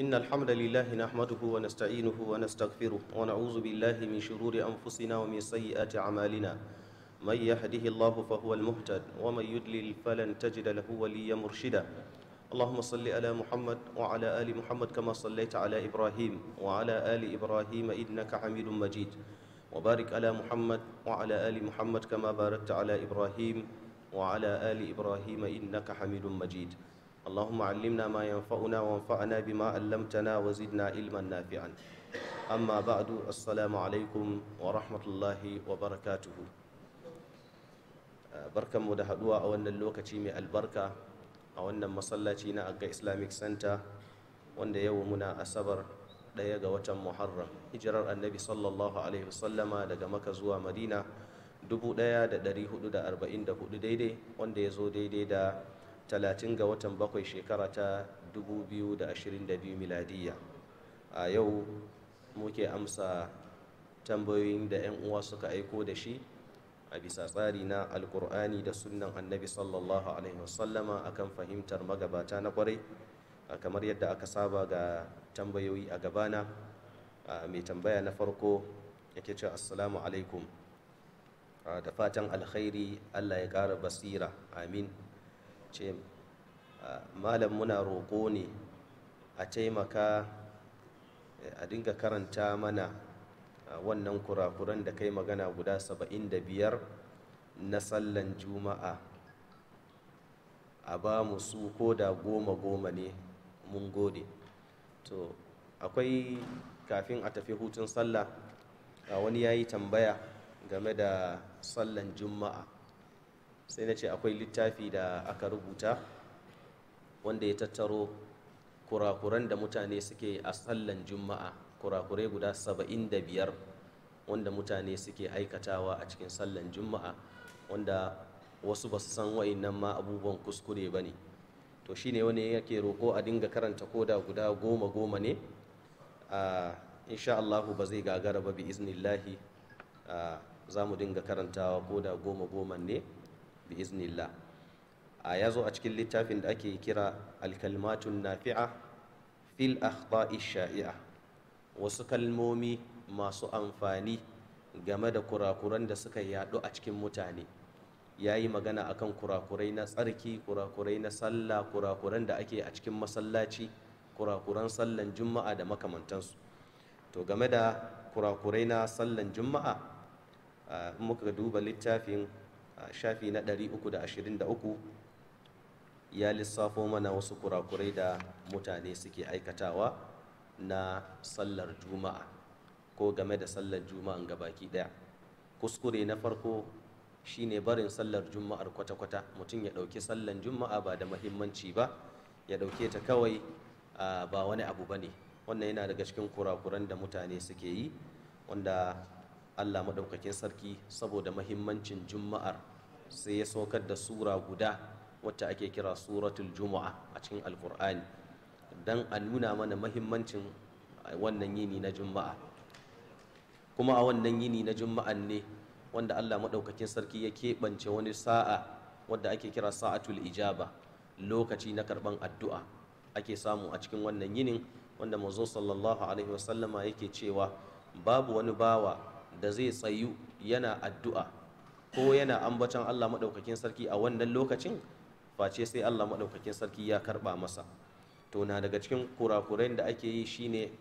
إن الحمد لله نحمده ونستعينه ونستغفره ونعوذ بالله من شرور أنفسنا ومن سيئات أعمالنا من يهده الله فهو المهتد ومن يدلل فلن تجد له وليا مرشدا اللهم صل على محمد وعلى آل محمد كما صليت على إبراهيم وعلى آل إبراهيم إنك حميد مجيد وبارك على محمد وعلى آل محمد كما باركت على إبراهيم وعلى آل إبراهيم إنك حميد مجيد اللهم علمنا ما ينفعنا وانفعنا بما علمتنا وزدنا علما نافعا أما بعد السلام عليكم ورحمة الله وبركاته barkanmu da haduwa a wannan lokaci mai albarka a wannan masallaci na agga islamic center wanda yau muna asabar ɗaya ga watan muharram hijirar annabi sallallahu alaihi wasallama daga maka zuwa madina 1444 daidai wanda ya zo daidai da 30 ga watan bakwai shekara ta 2022 miladiyya a yau muke amsa tambayoyin da 'yan uwa suka aiko da shi a bisa tsari na alkur'ani da sunan annabi sallallahu alaihi wasallama akan fahimtar magabata na kwarai a kamar yadda aka saba ga tambayoyi a gabana a mai tambaya na farko yake ce assalamu alaikum da fatan alkhairi allah ya kara basira amin ce malam muna roƙo ne a taimaka eh, a dinga karanta mana wannan kurakuran da kai magana guda saba'in da biyar na sallan juma'a a ba mu su ko da goma goma ne mun gode to akwai kafin a tafi hutun sallah wani ya yi tambaya game da sallan juma'a sai na ce akwai littafi da aka rubuta wanda ya tattaro kurakuran da mutane suke a sallan juma'a kurakurai guda saba'in da biyar wanda mutane suke aikatawa a cikin sallan juma'a wanda wasu ba su san waannan ma abubuwan kuskure ba ne to shi ne wani yake roƙo a dinga karanta ko da guda goma goma ne a insha Allahu ba zai gagara ba bi iznillahi za mu dinga karantawa koda goma goma ne bi iznillah a ya zo a cikin littafin da ake kira alkalmatun nafi'a fil akhta'i sha'i'a wasu kalmomi masu amfani game da kurakuran da suka yadu a cikin mutane ya yi magana akan kurakurai na tsarki kurakurai na sallah kurakuran da ake a cikin masallaci kurakuran sallan juma'a da makamantansu to game da kurakurai na sallan juma'a muka duba littafin shafi na 323 ya lissafo mana wasu kurakurai da mutane suke aikatawa na sallar juma'a ko game da sallar juma'an gabaki daya kuskure na farko shine barin sallar juma'ar kwata-kwata mutum ya ɗauki sallar juma'a ba da mahimmanci ba ya ɗauke ta kawai ba wani abu ba ne wannan yana daga cikin kurakuran da mutane suke yi wanda Allah maɗaukakin sarki saboda mahimmancin juma'ar sai ya saukar da sura guda wacce ake kira suratul juma'a a cikin alkur'ani don a nuna mana mahimmancin wannan yini na juma'a kuma a wannan yini na Juma'a ne wanda Allah maɗaukakin sarki ya keɓance wani sa'a wadda ake kira sa'atul ijaba lokaci na karɓan addu'a ake samu a cikin wannan yinin wanda manzo sallallahu alaihi wasallama yake cewa babu wani bawa da zai tsayu yana addu'a ko yana ambacin Allah maɗaukakin sarki a wannan lokacin face sai Allah maɗaukakin sarki ya karɓa masa to na daga cikin kurakurai da ake yi shine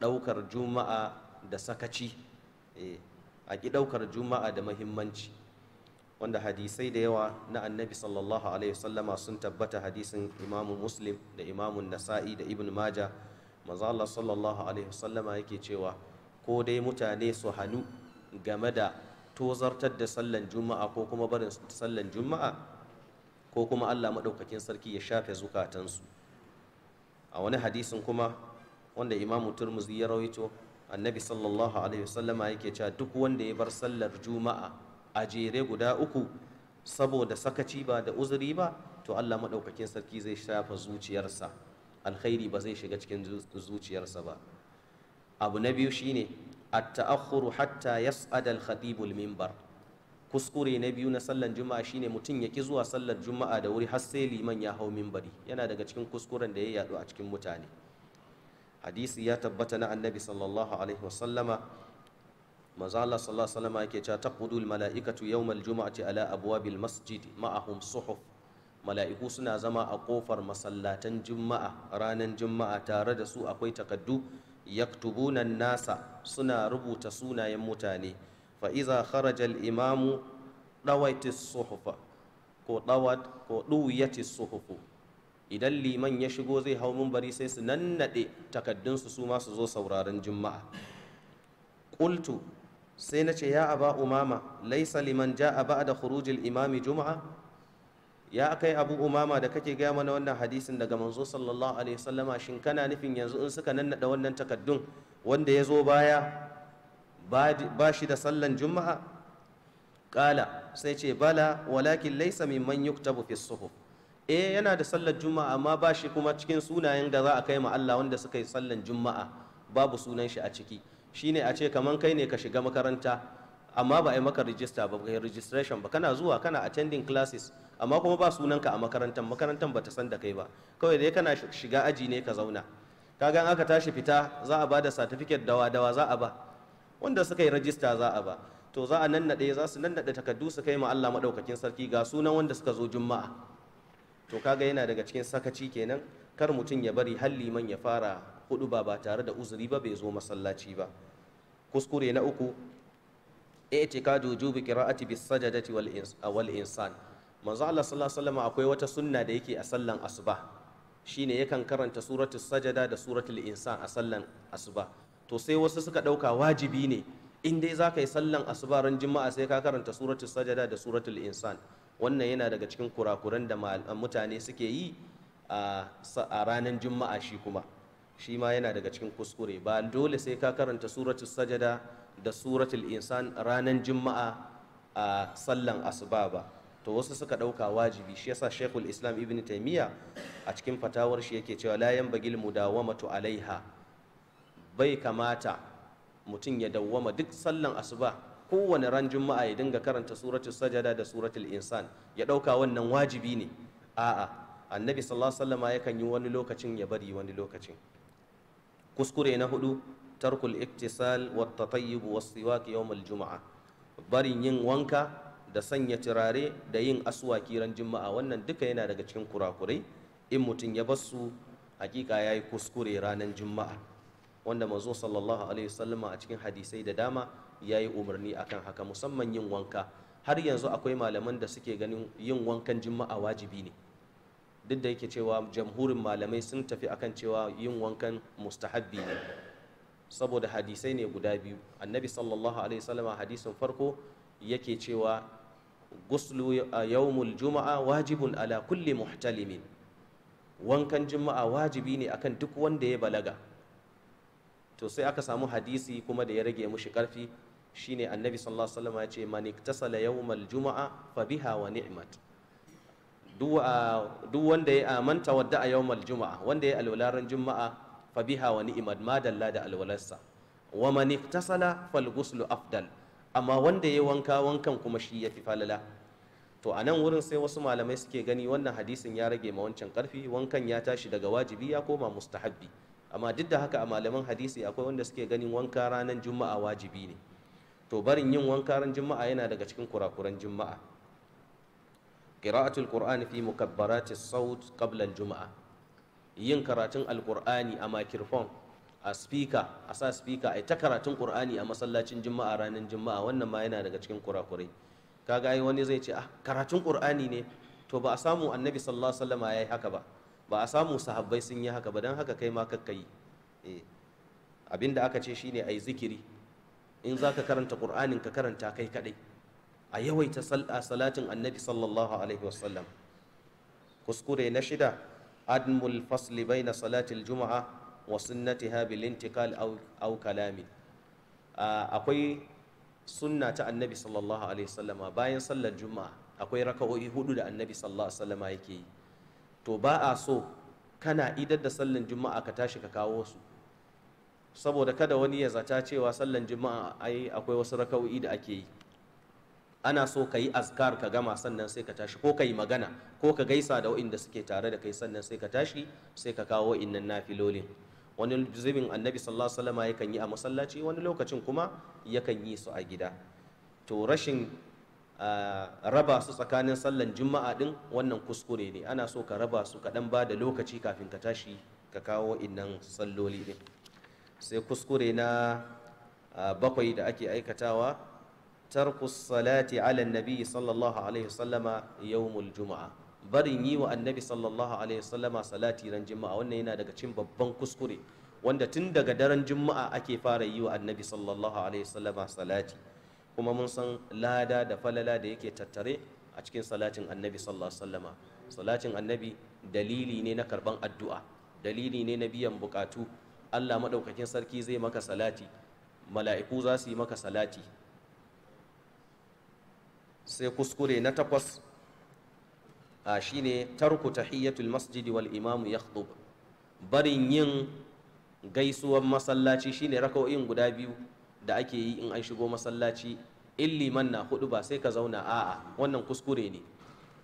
ɗaukar juma'a da sakaci eh, a ƙi ɗaukar juma'a da mahimmanci wanda hadisai da yawa na annabi sallallahu alaihi wasallama sun tabbata hadisin imamu muslim da imamun nasa'i da ibn maja maza Allah sallallahu alaihi wasallama yake cewa ko dai mutane su hannu game da tozartar da sallan juma'a ko kuma barin sallan juma'a ko kuma Allah maɗaukakin sarki ya shafe zukatansu a wani hadisin kuma wanda imamu turmuzi ya rawaito annabi sallallahu alaihi wasallama yake cewa duk wanda ya bar sallar juma'a a jere guda uku saboda sakaci ba da uzuri ba to Allah maɗaukakin sarki zai shafa zuciyarsa alkhairi ba zai shiga cikin zuciyarsa ba abu na biyu shine at-ta'akhkhuru hatta Yas al-khatib al-minbar kuskure na biyu na Sallar juma'a shine mutum ya ki zuwa sallar juma'a da wuri har sai liman ya hau minbari yana daga cikin kuskuren da ya yadu a cikin mutane hadisi ya tabbata na annabi sallallahu alaihi wasallama manzo Allah sallallahu alaihi wasallama yake cewa taqudu al-mala'ikatu yawm al-jum'ati ala abwabil masjid ma'ahum suhuf mala'iku suna zama a kofar masallatan juma'a ranar juma'a tare da su akwai takaddu yaktubuna nasa suna rubuta sunayen mutane fa iza kharaja al-imamu dawati suhufa ko dawat ko duwiyati suhufu idan liman ya shigo zai hau bari sai su nannade takaddunsu su ma su zo sauraron juma'a qultu sai na ce ya aba umama laisa liman ja'a ba'da khurujil imami juma'a ya kai abu umama da kake gaya mana wannan hadisin daga manzo sallallahu alaihi wasallama shin kana nufin yanzu in suka nannaɗa wannan takaddun wanda ya zo baya ba shi da sallan juma'a kala sai ce bala walakin laisa mimman yuktabu fi suhuf eh yana da sallar juma'a amma ba shi kuma cikin sunayen da za a kai ma Allah wanda suka yi sallan juma'a babu sunan shi a ciki shine a ce kaman kai ne ka shiga makaranta amma ba a yi maka rijista ba kai registration ba kana zuwa kana attending classes amma kuma ba sunanka a makarantar makarantar ba ta san da kai ba kawai dai kana shiga aji ne ka zauna kaga aka tashi fita za a bada certificate dawa dawa za a ba wanda suka yi rajista za a ba to za a nannaɗe za su naɗe takardu su kai ma Allah maɗaukakin sarki ga sunan wanda suka zo juma'a to kaga yana daga cikin sakaci kenan kar mutum ya bari halli man ya fara hudu ba ba tare da uzuri ba bai zo masallaci ba kuskure na uku i'tiqadu wujubi qira'ati bis sajadati wal wal insan manzo Allah sallallahu alaihi wasallam akwai wata sunna da yake a sallan asuba shine yakan karanta suratul sajada da suratul insan a sallan asuba to sai wasu suka dauka wajibi ne in dai za ka yi sallan asuba ran juma'a sai ka karanta suratul sajada da suratul insan wannan yana daga cikin kurakuran da mutane suke yi a ranar juma'a shi kuma shi ma yana daga cikin kuskure ba dole sai ka karanta suratul sajada da suratul insan ranan juma'a a sallan asuba ba to wasu suka ɗauka wajibi shi yasa shekul islam ibn taimiyya a cikin fatawar shi yake cewa layan bagil mudawamatu alaiha bai kamata mutum ya dawwama duk sallan asuba kowane ran juma'a ya dinga karanta suratul sajada da suratul insan ya ɗauka wannan wajibi ne a'a annabi sallallahu alaihi wasallam yakan yi wani lokacin ya bari wani lokacin kuskure na hudu tarkul iktisal wa tatayyub wa siwak yawmal juma'a barin yin wanka da sanya turare da yin aswaki ran juma'a wannan duka yana daga cikin kurakurai in mutum ya bar su hakika yayi kuskure ranar juma'a wanda manzo sallallahu alaihi wasallama a cikin hadisai da dama yayi umarni akan haka musamman yin wanka har yanzu akwai malaman da suke ganin yin wankan juma'a wajibi ne duk da yake cewa jamhurin malamai sun tafi akan cewa yin wankan mustahabbi ne saboda hadisai ne guda biyu annabi sallallahu alaihi wasallama hadisin farko yake cewa guslu yawmul juma'a wajibun ala kulli muhtalimin wankan juma'a wajibi ne akan duk wanda ya balaga to sai aka samu hadisi kuma da ya rage mushi karfi shine annabi sallallahu alaihi wasallam ya ce man iktasala yawmal juma'a fa biha wa ni'mat duk wanda ya amanta wadda a yawmal juma'a wanda ya alwalaran juma'a fabiha biha wa ni'mat ma dalla da alwalarsa wa man iftasala fal ghuslu afdal amma wanda ya wanka wankan kuma shi yafi falala to a nan wurin sai wasu malamai suke gani wannan hadisin ya rage ma wancan karfi wankan ya tashi daga wajibi ya koma mustahabbi amma duk da haka a malaman hadisi akwai wanda suke ganin wanka ranar juma'a wajibi ne to barin yin wanka ran juma'a yana daga cikin kurakuran juma'a qira'atul qur'ani fi mukabbarati saut qabla al-juma'a yin karatun alkur'ani a makirfon a spika a sa spika a ta karatun qur'ani a masallacin juma'a ranar juma'a wannan ma yana daga cikin kurakurai kaga ai wani zai ce ah karatun qur'ani ne to ba a samu annabi sallallahu alaihi wasallam yayi haka ba ba a samu sahabbai sun yi haka ba dan haka kai ma yi? eh abinda aka ce shine ai zikiri in zaka karanta qur'anin ka karanta kai kadai a yawaita salatin annabi sallallahu alaihi wasallam kuskure na shida admul fasli na salatil juma'a wa sunnatiha bil intiqal aw akwai sunna ta annabi sallallahu alaihi wasallama bayan sallar juma'a akwai raka'o'i hudu da annabi sallallahu alaihi wasallama yake yi to ba a so kana idar da sallan juma'a ka tashi ka kawo su saboda kada wani ya zata cewa sallan juma'a akwai wasu raka'o'i da ake yi ana so ka yi azkar ka gama sannan sai ka tashi ko ka yi magana ko ka gaisa da waɗanda suke tare da kai sannan sai ka tashi sai ka kawo wa'innan nafilolin wani zubin annabi sallallahu alaihi wasallam yakan yi a masallaci wani lokacin kuma yakan yi su a gida to rashin raba su tsakanin sallan juma'a din wannan kuskure ne ana so ka raba su kaɗan ba da lokaci kafin ka tashi ka kawo innan salloli din sai kuskure na bakwai da ake aikatawa tarku salati ala nabi sallallahu alaihi sallama yawmul juma'a barin yi wa annabi sallallahu alaihi sallama salati ran juma'a wannan yana daga cikin babban kuskure wanda tun daga daren juma'a ake fara yi wa annabi sallallahu alaihi sallama salati kuma mun san lada da falala da yake tattare a cikin salatin annabi sallallahu alaihi sallama salatin annabi dalili ne na karban addu'a dalili ne na biyan bukatu Allah madaukakin sarki zai maka salati mala'iku za su yi maka salati sai kuskure na takwas a shine tarku tahiyyatul masjidi wal imamu yakhdub barin yin gaisuwar masallaci shine raka'o'in guda biyu da ake yi in an shigo masallaci in liman na hudu ba sai ka zauna a'a wannan kuskure ne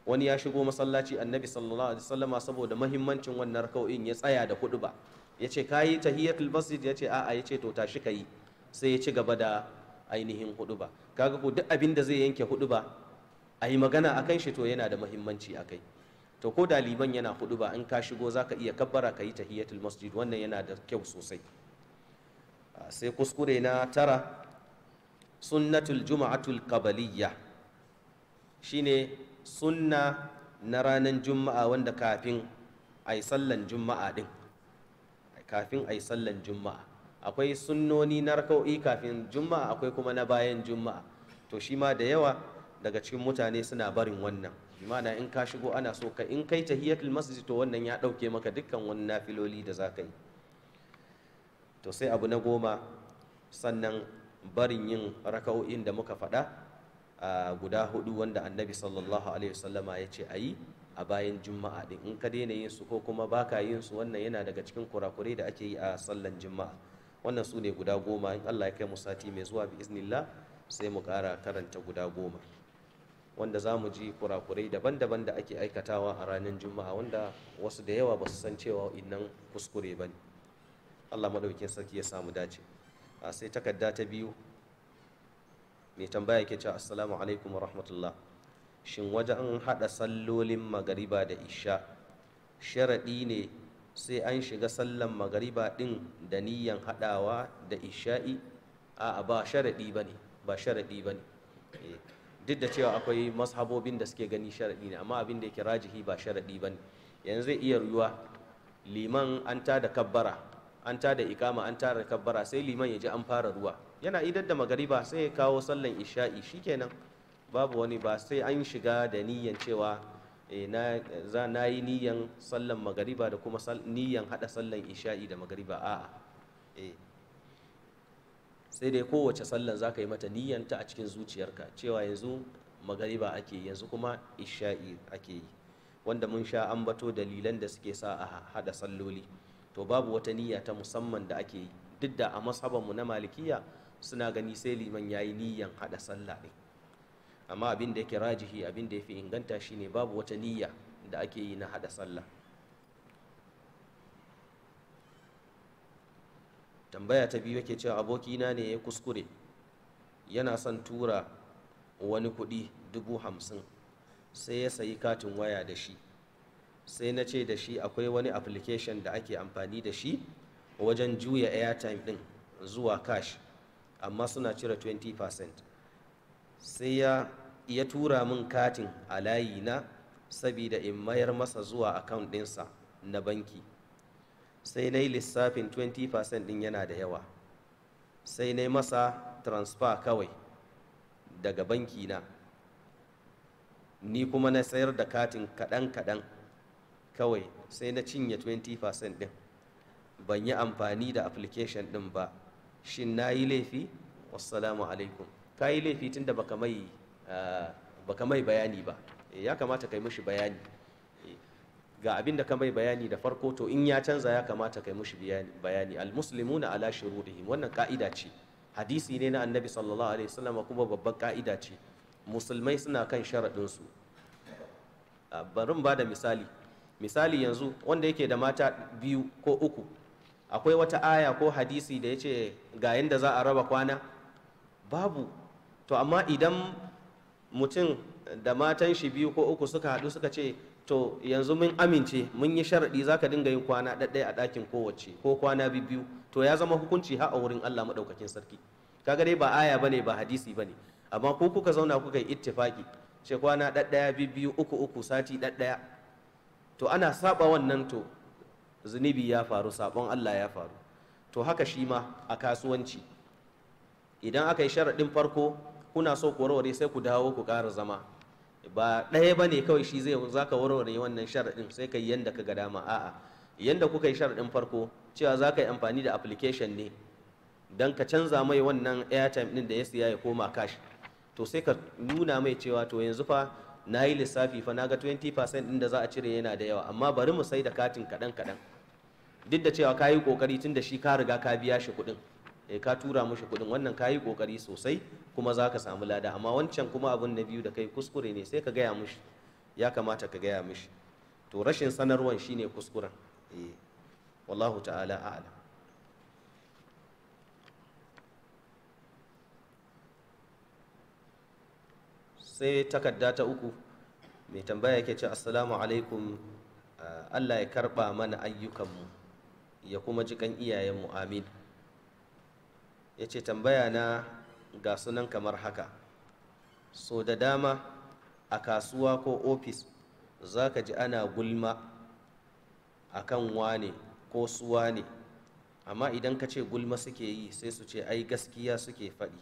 wani ya shigo masallaci annabi sallallahu alaihi wasallama saboda mahimmancin wannan raka'o'in ya tsaya da hudu ba yace kayi tahiyatul masjid yace a'a yace to tashi kai sai ya ci gaba da ainihin ba kaga ko duk abin da zai yanke huɗuba a yi magana a kan shi to yana da muhimmanci a kai to ko da yana huduba in ka shigo zaka iya kabbara ka yi tahiyatul masjid wannan yana da kyau sosai ah, sai kuskure na tara sunnatul juma'atul qabaliyya shine sunna na ranar juma'a wanda kafin a yi sallan juma'a din kafin a yi sallan juma'a akwai sunnoni na raka'o'i kafin juma'a akwai kuma na bayan juma'a to shi ma da yawa daga cikin mutane suna barin wannan mana in ka shigo ana so ka in kai tahiyatul masjid to wannan ya dauke maka dukkan wani nafiloli da za ka yi to sai abu na goma sannan barin yin raka'o'in da muka faɗa guda hudu wanda annabi sallallahu alaihi wasallama ya ce a yi a bayan juma'a din in ka daina yin su ko kuma baka yin su wannan yana daga cikin kurakurai da ake yi a sallan juma'a wannan su ne guda goma in Allah ya kai mu sati mai zuwa bi iznillah sai mu kara karanta guda goma wanda za mu ji kurakurai daban-daban da ake aikatawa a ranar juma'a wanda wasu da yawa ba su san cewa innan kuskure ba ne allah maɗaukin sarki ya samu dace a sai takarda ta biyu mai tambaya ke cewa assalamu alaikum wa rahmatullah shin wajen haɗa sallolin magariba da isha sharaɗi ne sai an shiga sallan magariba ɗin da niyan haɗawa da isha'i a ba sharaɗi ba ba sharaɗi ba eh, duk da cewa akwai mashabobin da suke gani sharaɗi ne amma abin da yake rajihi ba sharaɗi ba yanzu zai iya ruwa liman an ta da kabbara an ta da ikama an ta da kabbara sai liman ya ji an fara ruwa yana idar da magariba sai ya kawo sallan isha'i shikenan babu wani ba sai an shiga da niyan cewa Eh, na yi niyan sallan magariba da kuma niyan haɗa sallan isha'i da magariba a eh. sai dai kowace sallan za ka yi mata niyan ta a cikin zuciyarka cewa yanzu magariba ake yanzu kuma isha'i ake yi wanda mun sha ambato dalilan da suke sa a haɗa salloli to babu wata niyya ta musamman da ake yi duk da a mu na malikiya suna gani sai liman ya yi niyan haɗa sallah ne amma abin da yake rajihi abin da ya fi inganta shine babu wata niyya da ake yi na hada sallah tambaya ta biyu yake cewa abokina ne ya kuskure yana son tura wani kuɗi dubu hamsin sai ya sayi katin waya da shi sai na ce da shi akwai wani application da ake amfani da shi wajen juya airtime din zuwa cash amma suna cire 20% sai ya ya tura min katin a layina saboda in mayar masa zuwa account ɗinsa na banki sai na yi lissafin 20% ɗin yana da yawa sai na yi masa transfer kawai daga banki na ni kuma na sayar da katin kaɗan-kaɗan kawai sai na cinye 20% ɗin ban yi amfani da application ɗin ba shin na yi laifi wassalamu alaikum ka yi laifi tun da mai ah, baka mai bayani ba eh, ya kamata kai bayani eh, ga abin da ka mai bayani da farko to in ya canza ya kamata kai mishi bayani na ala shurudihim wannan ka'ida ce hadisi ne na annabi sallallahu alaihi wasallam kuma babban ka'ida ce musulmai suna kan sharaɗinsu ah, barin ba da misali misali yanzu wanda yake da mata biyu ko uku akwai wata aya ko hadisi da ya ce ga yadda za a raba kwana babu to amma idan mutum da matan shi biyu ko uku suka haɗu suka ce to yanzu mun amince mun yi sharaɗi za ka dinga yin kwana ɗaɗɗaya a ɗakin kowace ko kwana biyu to ya zama hukunci ha a wurin Allah maɗaukakin sarki kaga dai ba aya bane ba hadisi bane amma ko kuka zauna kuka yi ittifaki ce kwana ɗaɗɗaya biyu uku uku sati ɗaɗɗaya to ana saba wannan to zunubi ya faru sabon Allah ya faru to haka shi ma a kasuwanci idan aka yi sharaɗin farko kuna so ku warware sai ku dawo ku ƙara zama ba ɗaya ba ne kawai shi zai za ka warware wannan sharaɗin sai ka yi yadda ka ga dama a'a yadda kuka yi sharaɗin farko cewa za ka yi amfani da application ne don ka canza mai wannan airtime ɗin da ya siya ya koma cash to sai ka nuna mai cewa to yanzu fa na yi lissafi fa na ga 20% ɗin da za a cire yana da yawa amma bari mu sai da katin kaɗan kaɗan duk da cewa ka yi ƙoƙari tun da shi ka riga ka biya shi kuɗin eh ka tura mushi kuɗin wannan ka yi ƙoƙari sosai kuma za ka samu lada amma wancan kuma abun na biyu da kai kuskure ne sai ka gaya mushi ya kamata ka gaya mushi to rashin sanarwan shine kuskuren eh wallahu ta'ala a'lam sai takarda ta uku mai tambaya yake ce assalamu alaikum ah, allah ya karba mana ayyukanmu ya kuma jikan iyayenmu amin ya ce tambaya na ga sunan kamar haka so da dama a kasuwa ko ofis za ka ji ana gulma a kan wane ko suwa ne amma idan ka ce gulma suke yi sai su ce ai gaskiya suke faɗi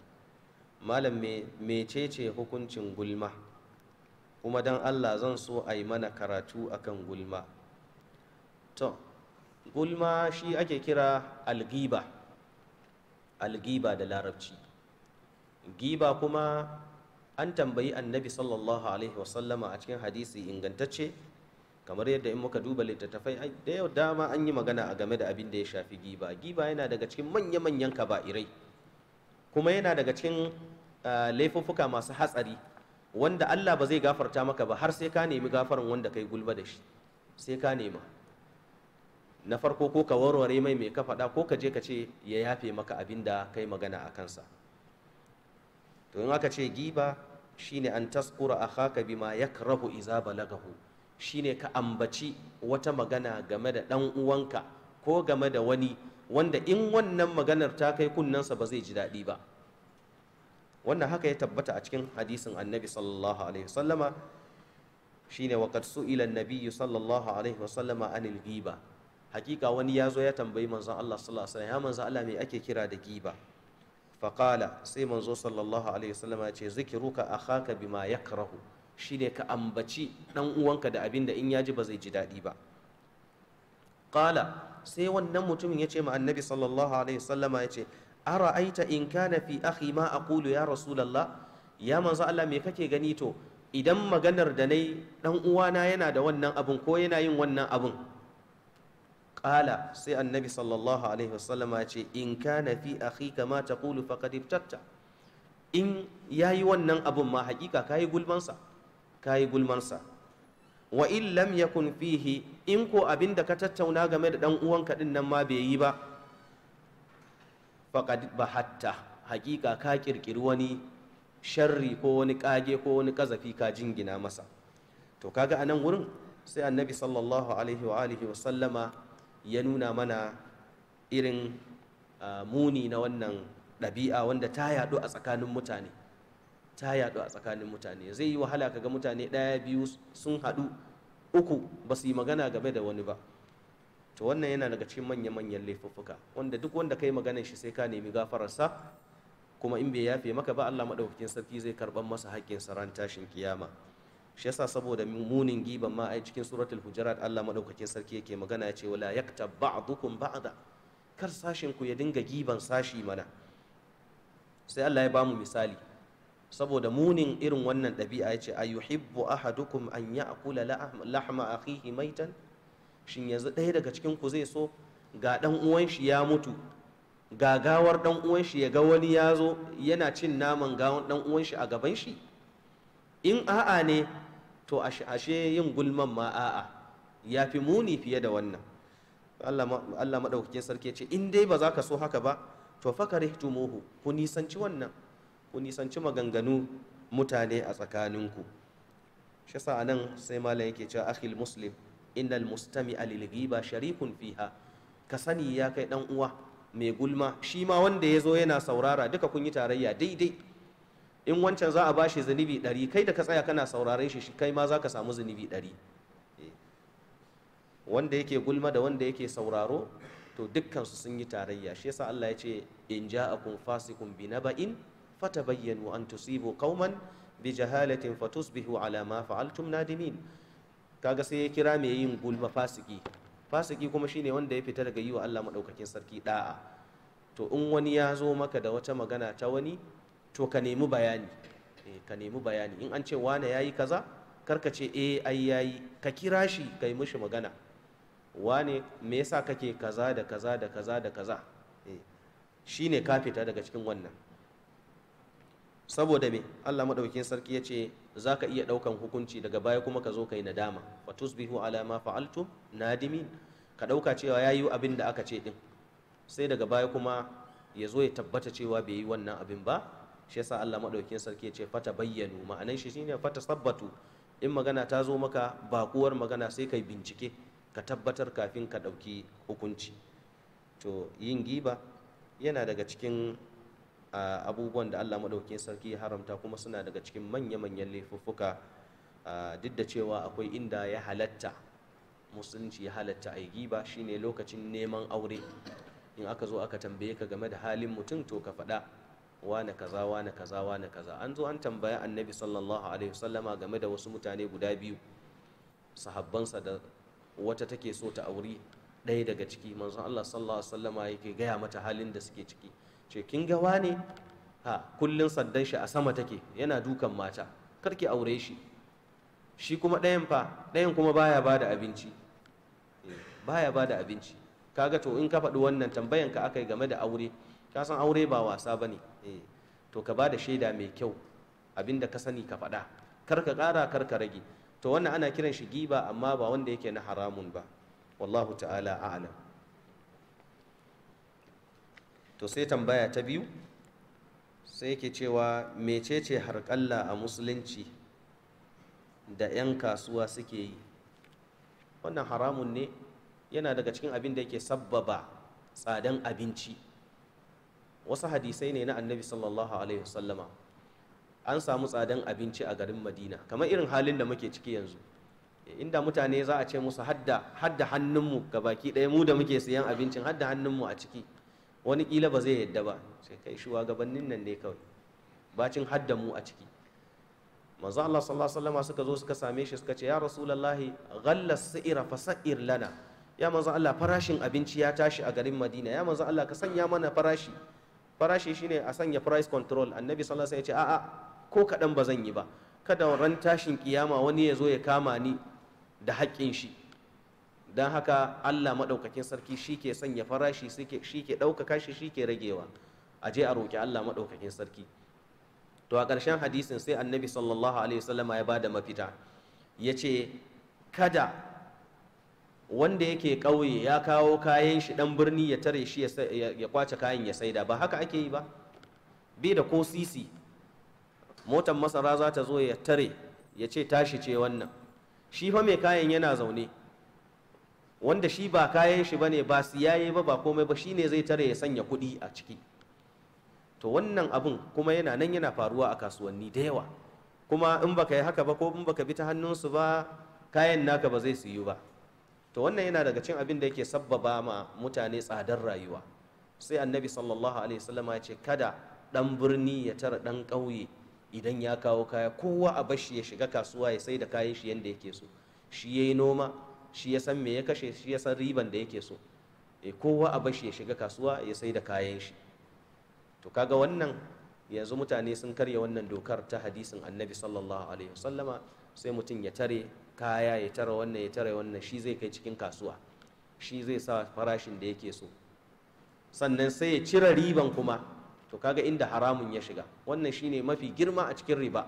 malam mecece hukuncin gulma kuma don allah zan so a yi mana karatu akan gulma to gulma shi ake kira algiba algiba da larabci giba kuma an tambayi annabi sallallahu alaihi wasallama a cikin hadisi ingantacce kamar yadda in muka duba littattafai da yau dama an yi magana a game da abin da ya shafi giba giba yana daga cikin manya-manyan kaba'irai kuma yana daga cikin ah, laifuffuka masu hatsari wanda Allah ba zai gafarta maka ba har sai ka nemi gafarin wanda kai gulba da shi sai ka nema na farko ko ka warware mai mai ka faɗa ko ka je ka ce ya yafe maka abin da kai magana a kansa to in aka ce giba shine an taskura a ma bima karahu iza balagahu shine ka ambaci wata magana game da dan uwanka ko game da wani wanda in wannan maganar ta kai kunnensa ba zai ji daɗi ba wannan haka ya tabbata a cikin hadisin annabi sallallahu alaihi wasallama shine waqad su'ila an-nabiyyu sallallahu alaihi wasallama anil ghiba hakika wani ya zo ya tambayi manzon Allah sallallahu alaihi wasallam ya manzon Allah me ake kira da giba faqala sai manzo sallallahu alaihi wasallam ya ce zikiruka akhaka bima yakrahu shine ka ambaci dan uwanka da abin da in yaji ba zai ji daɗi ba qala sai wannan mutumin ya ce ma annabi sallallahu alaihi wasallama ya ce ara'aita in kana fi akhi ma aqulu ya rasulullah ya manzo Allah me kake gani to idan maganar da nayi dan uwana yana da wannan abun ko yana yin wannan abun Ƙala sai annabi sallallahu alaihi wasallam ya ce in kana fi akhika ma taqulu faqad ibtatta in yayi wannan abun ma hakika kayi gulmansa kayi gulmansa wa in lam yakun fihi in ko abin da ka tattauna game da dan uwanka din nan ma bai yi ba faqad bahatta hakika ka kirkiri wani sharri ko wani kage ko wani kazafi ka jingina masa to kaga anan wurin sai annabi sallallahu alaihi wa alihi wa sallama ya nuna mana irin muni na wannan ɗabi'a wanda ta yaɗu a tsakanin mutane ta yaɗu a tsakanin mutane zai yi wahala kaga mutane ɗaya biyu sun haɗu uku ba su yi magana game da wani ba to wannan yana daga cikin manya-manyan laifuffuka wanda duk wanda ka yi maganar shi sai ka nemi gafararsa kuma in bai yafe maka ba Allah maɗaukakin sarki zai karɓar masa haƙƙinsa ran tashin kiyama shi yasa saboda munin giban ma a cikin suratul hujurat Allah madaukakin sarki yake magana ya ce wala yaktab ba'dukum ba'da kar sashin ku ya dinga giban sashi mana sai Allah ya bamu misali saboda munin irin wannan ɗabi'a yace ayuhibbu ahadukum an ya'kula lahma akhihi maitan shin yanzu ɗaya daga cikin ku zai so ga dan uwan shi ya mutu ga gawar dan uwan shi ya ga wani ya zo yana cin naman gawan dan uwan shi a gaban shi in a'a ne to ashe yin gulman ma a'a ya fi muni fiye da wannan Allah maɗaukakin sarki ce in dai ba za ka so haka ba to fakare tumuhu ku nisanci wannan ku nisanci maganganu mutane a tsakaninku shi sa nan sai malam yake cewa akhil muslim innal mustami alil ghiba sharikun fiha ka sani ya kai dan uwa mai gulma shi ma wanda ya zo yana saurara duka kun yi tarayya daidai in wancan za a ba shi zunubi ɗari kai da ka tsaya kana saurare shi kai ma za ka samu zunubi ɗari eh. wanda yake gulma da wanda yake sauraro to dukkansu sun yi tarayya shi yasa Allah ya ce in ja'akum kun bi naba'in fatabayyanu an tusibu qauman bi jahalatin fatusbihu ala ma fa'altum nadimin kaga sai ya kira mai yin gulma fasiki fasiki kuma shine wanda ya fita daga yi wa Allah madaukakin sarki da'a to in wani ya zo maka da wata magana ta wani to ka nemi bayani eh, ka nemi bayani in an ce wane yayi kaza karka ce eh ai yayi ka kira shi ka yi mishi magana wane me yasa kake kaza da kaza da kaza da kaza eh, shine ka fita daga cikin wannan saboda me Allah madaukakin sarki ya ce za iya ɗaukan hukunci daga baya kuma ka zo ka yi nadama fa tusbihu ala ma fa'altu Nadimi ka ɗauka cewa ya abin da aka ce din. sai daga baya kuma ya zo ya tabbata cewa bai yi wannan abin ba shi yasa Allah maɗaukin sarki ya ce fata bayyanu ma'anan shi shine fata sabbatu in magana ta zo maka bakuwar magana sai kai bincike ka tabbatar kafin ka ɗauki hukunci to yin giba yana daga cikin abubuwan da Allah maɗaukin sarki ya haramta kuma suna daga cikin manya-manyan laifuffuka duk da cewa akwai inda ya halatta musulunci ya halatta a giba shine lokacin neman aure in aka zo aka tambaye ka game da halin mutum to ka faɗa wane kaza wane kaza wane kaza an zo an tambaya annabi sallallahu alaihi wasallama game da wasu mutane guda biyu sahabbansa da wata take so ta aure ɗaya daga ciki manzon Allah sallallahu alaihi wasallama yake gaya mata halin da suke ciki ce kin ga wane ha kullun saddan shi a sama take yana dukan mata karki aure shi shi kuma ɗayan fa ɗayan kuma baya bada abinci eh, baya bada abinci kaga to in ka faɗi wannan tambayan ka akai game da aure ka san aure ba wasa bane Eh, to ka ba da shaida mai kyau abinda ka sani ka faɗa kar ka ƙara kar ka rage to wannan ana kiran shi giba amma ba wanda yake na haramun ba wallahu ta'ala a'lam to sai tambaya ta biyu sai yake cewa mecece harƙalla a musulunci da 'yan kasuwa suke yi wannan haramun ne yana daga cikin abin da yake sabbaba tsadan abinci wasu hadisai ne na annabi sallallahu alaihi wasallama an samu tsadan abinci a garin madina kamar irin halin da muke ciki yanzu inda mutane za a ce musu hadda hadda hannunmu ga baki ɗaya mu da muke siyan abincin hadda hannunmu a ciki wani kila ba zai yadda ba sai kai shugabannin nan ne kawai bacin hadda mu a ciki manzo Allah sallallahu alaihi wasallama suka zo suka same shi suka ce ya rasulullahi ghalla sa'ira fasa'ir lana ya manzo Allah farashin abinci ya tashi a garin Madina ya manzo Allah ka sanya mana farashi farashi shine a sanya price control annabi sallallahu alaihi wasallam ya ce a'a ko kaɗan ba zan yi ba kada ran tashin kiyama wani ya zo ya kama ni da haƙƙin shi dan haka Allah maɗaukakin sarki shi ke sanya farashi shi ke ɗaukaka shi shi ke ragewa a je a roƙi Allah maɗaukakin sarki to a ƙarshen hadisin sai annabi sallallahu alaihi wasallam ya ba da mafita yace kada wanda yake ƙauye ya kawo kayan shi dan birni ya tare shi ya kwace kayan ya saida ba haka ake yi ba bai da ko sisi motar masara za ta zo ya tare ya ce tashi ce wannan shi fa mai kayan yana zaune wanda shi ba kayan shi bane ba siyaye ba ba komai ba shine zai tare ya sanya kuɗi a ciki to wannan abun kuma yana nan yana faruwa a kasuwanni da yawa kuma in baka yi haka ba ko in baka bi ta hannunsu ba kayan naka ba zai siyu ba to wannan yana daga cin abin da yake sabbaba ma mutane tsadar rayuwa sai annabi sallallahu alaihi wasallam ya ce kada dan birni ya tara dan kauye idan ya kawo kaya kowa a bashi ya shiga kasuwa ya sai da kayan shi yanda yake so shi yayi noma shi ya san me ya kashe shi ya san riban da yake so e kowa a bashi ya shiga kasuwa ya sai da kayan shi to kaga wannan yanzu mutane sun karya wannan dokar ta hadisin annabi sallallahu alaihi wasallama sai mutum ya tare kaya ya tara wannan ya tara wannan shi zai kai cikin kasuwa shi zai sa farashin da yake so sannan sai ya cire riban kuma to kaga inda haramun ya shiga wannan shine mafi girma a cikin riba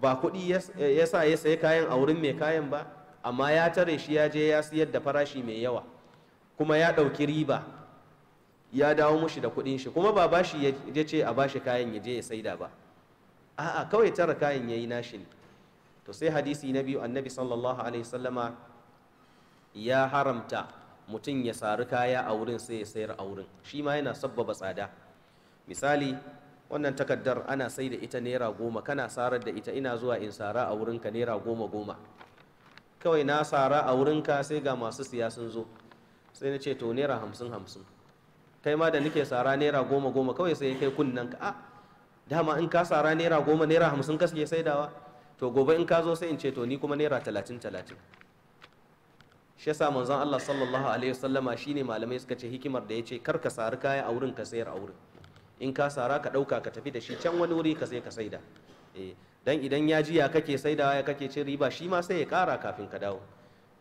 ba kuɗi ya sa ya sayi kayan a wurin mai kayan ba amma ya tare shi ya je ya siyar da farashi mai yawa kuma ya ɗauki riba ya dawo mushi da kuɗin shi kuma ba bashi ya ce a bashi kayan ya je ya saida ba a'a kawai tara kayan ya yi nashi ne to sai hadisi na biyu annabi sallallahu alaihi sallama ya haramta mutum ya sari kaya a wurin sai ya sayar a wurin shi ma yana sabbaba tsada misali wannan takaddar ana sai da ita naira goma kana sarar da ita ina zuwa in sara a wurinka naira goma goma kawai na sara a wurinka sai ga masu siya sun zo sai na ce to naira hamsin hamsin kai ma da nake sara naira goma goma kawai sai kai kunnen ka a dama in ka sara naira goma naira hamsin ka suke saidawa to gobe in ka zo sai in ce to ni kuma naira talatin talatin shi yasa manzon Allah sallallahu alaihi wasallama shine malamai suka ce hikimar da ya ce kar ka sari kaya a wurin ka sayar a wurin in ka sara ka ɗauka ka tafi da shi can wani wuri ka sai ka saida eh, dan idan ya ji ya kake saidawa ya kake cin riba shi ma sai ya kara kafin ka dawo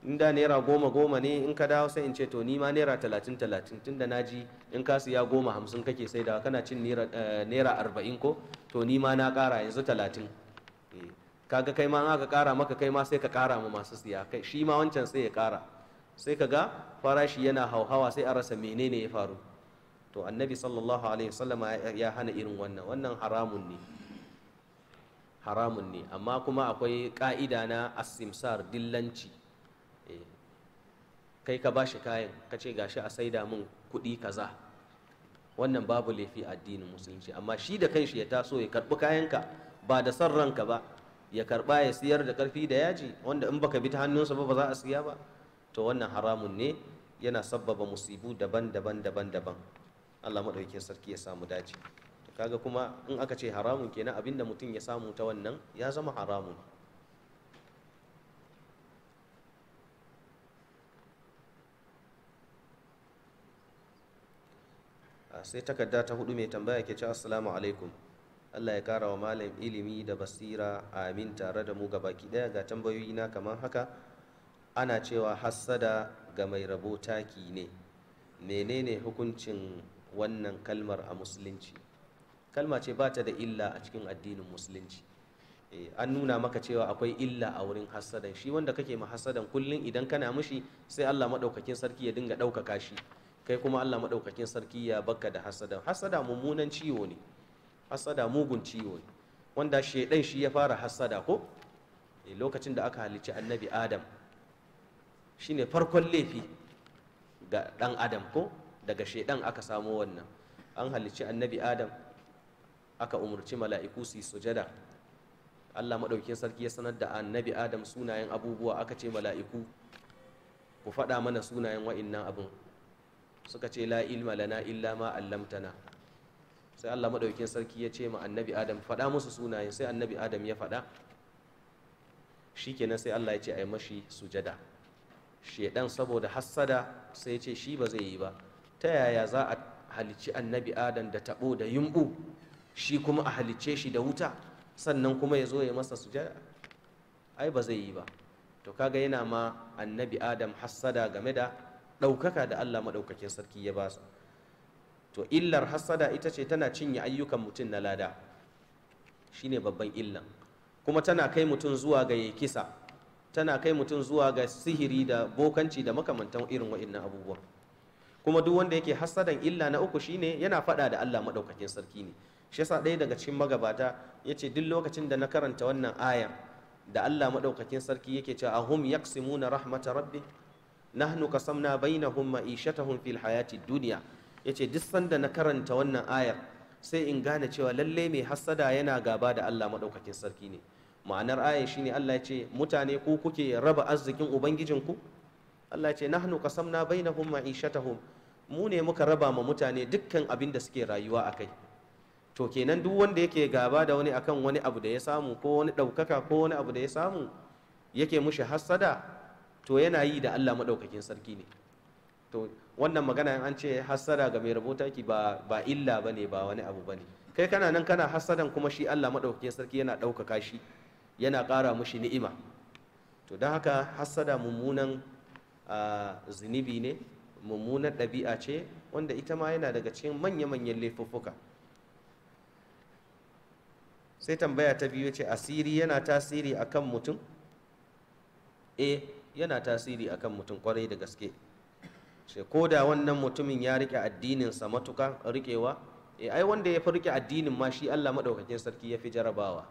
in da naira goma goma ne in ka dawo sai in ce to ni ma naira talatin talatin tun da ji in ka siya goma hamsin kake saidawa kana cin eh, naira arba'in ko to ni ma na kara yanzu talatin kaga kai ma aka kara maka kai ma sai ka kara ma masu siya kai shi ma wancan sai ya kara sai kaga farashi yana hauhawa sai a rasa menene ya faru to annabi sallallahu alaihi wasallam ya hana irin wannan wannan haramun ne haramun ne amma kuma akwai ka'ida na asimsar dillanci eh, kai ka bashi kayan ka ce gashi a saida min kuɗi kaza wannan babu laifi addinin musulunci amma shi da kanshi ya taso ya karɓi kayanka ba da son ranka ba ya karɓa ya siyar da karfi da yaji wanda in baka bi ta hannunsa ba ba za a siya ba to wannan haramun ne yana sabbaba musibu daban-daban daban-daban Allah madaukakin sarki ya samu dace kaga kuma in aka ce haramun kenan abinda mutum ya samu ta wannan ya zama haramun ah, sai takarda ta hudu mai tambaya ke ce assalamu alaikum Allah ya kara wa malam ilimi da basira amin tare da mu gabaki daya ga tambayoyi na kamar haka ana cewa hassada ga mai rabo taki ne menene hukuncin wannan kalmar a musulunci kalma ce ba ta da illa a cikin addinin musulunci eh, an nuna maka cewa akwai illa a wurin hassadan shi wanda kake ma hassadan kullum idan kana mushi sai Allah maɗaukakin sarki ya dinga ɗaukaka shi kai kuma Allah maɗaukakin sarki ya baka da hassadan hassada mummunan ciwo ne hasada mugun ciwo wanda shedan shi ya fara hasada ko eh, lokacin da aka halicci annabi adam shine farkon laifi ga dan adam ko daga shedan aka samo wannan an halicci annabi adam aka umarci mala'iku su sujada Allah maɗaukin sarki ya sanar da annabi adam sunayen abubuwa aka ce mala'iku ku faɗa mana sunayen wa'innan abin suka ce la ilma lana illa ma allamtana sai Allah maɗaukin sarki ya ce ma annabi Adam faɗa musu sunayen sai annabi Adam ya faɗa kenan sai Allah ya ce ai mashi sujada shedan saboda hassada sai ya ce shi ba zai yi ba ta yaya za a halicci annabi Adam da taɓo da yumbu shi kuma a halicce shi da wuta sannan kuma ya zo ya masa sujada ai ba zai yi ba to kaga yana ma annabi Adam hassada game da ɗaukaka da Allah maɗaukakin sarki ya basa to illar hassada ita ce tana cinye ayyukan mutum na lada shine babban illan kuma tana kai mutum zuwa ga ya kisa tana kai mutum zuwa ga sihiri da bokanci da makamantan irin wa'innan abubuwan kuma duk wanda yake hassadan illa na uku shine yana faɗa da Allah maɗaukakin sarki ne shi yasa ɗaya daga cikin magabata ya ce duk lokacin da na karanta wannan aya da Allah maɗaukakin sarki yake cewa ahum na rahmata rabbi nahnu kasamna bainahum ma'ishatahum fil hayati duniya. yace duk sanda na karanta wannan ayar sai in gane cewa lalle mai hassada yana gaba da Allah maɗaukakin sarki ne ma'anar ayar shine Allah ya ce mutane ku kuke raba arzikin ubangijinku Allah ya na nahnu qasamna bainahum ma'ishatahum mu ne muka raba ma mutane dukkan abin da suke rayuwa akai to kenan duk wanda yake gaba da wani akan wani abu da ya samu ko wani ɗaukaka ko wani abu da ya samu yake mushi hassada to yana yi da Allah maɗaukakin sarki ne to wannan magana in an ce hassada ga mai rubuta ki ba ba illa bane ba wani abu bane kai kana nan kana hassadan kuma shi Allah madaukakin sarki yana ɗaukaka shi yana ƙara mushi ni'ima to don haka hassada mummunan zunubi ne mummunan ɗabi'a ce wanda ita ma yana daga cikin manya-manyan laifuffuka sai tambaya ta biyu ce asiri yana tasiri akan mutum eh yana tasiri akan mutum kwarai da gaske Sai ko da wannan mutumin ya rike addininsa matuka rikewa e ai wanda ya fi rike addinin ma shi Allah madaukakin sarki ya fi jarabawa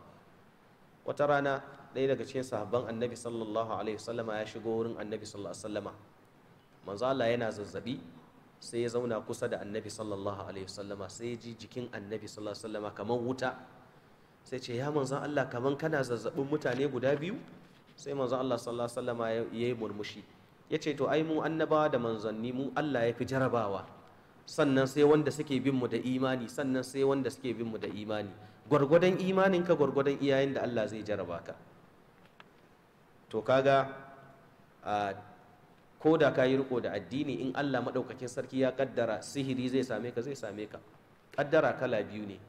wata rana ɗaya daga cikin sahabban annabi sallallahu alaihi wasallama ya shigo wurin annabi sallallahu alaihi wasallama manzo Allah yana zazzabi sai ya zauna kusa da annabi sallallahu alaihi wasallama sai ya ji jikin annabi sallallahu alaihi wasallama kamar wuta sai ce ya manzo Allah kamar kana zazzabin mutane guda biyu sai manzo Allah sallallahu alaihi wasallama ya yi murmushi ya ce to ai mu annabawa da manzanni mu Allah ya fi jarabawa sannan sai wanda suke bin mu da imani sannan sai wanda suke bin mu da imani gwargwadon imaninka gwargwadon iyayen da Allah zai jaraba ka to kaga a ko da ka yi riko da addini in Allah maɗaukakin sarki ya kaddara sihiri zai same ka zai same ka kaddara kala biyu ne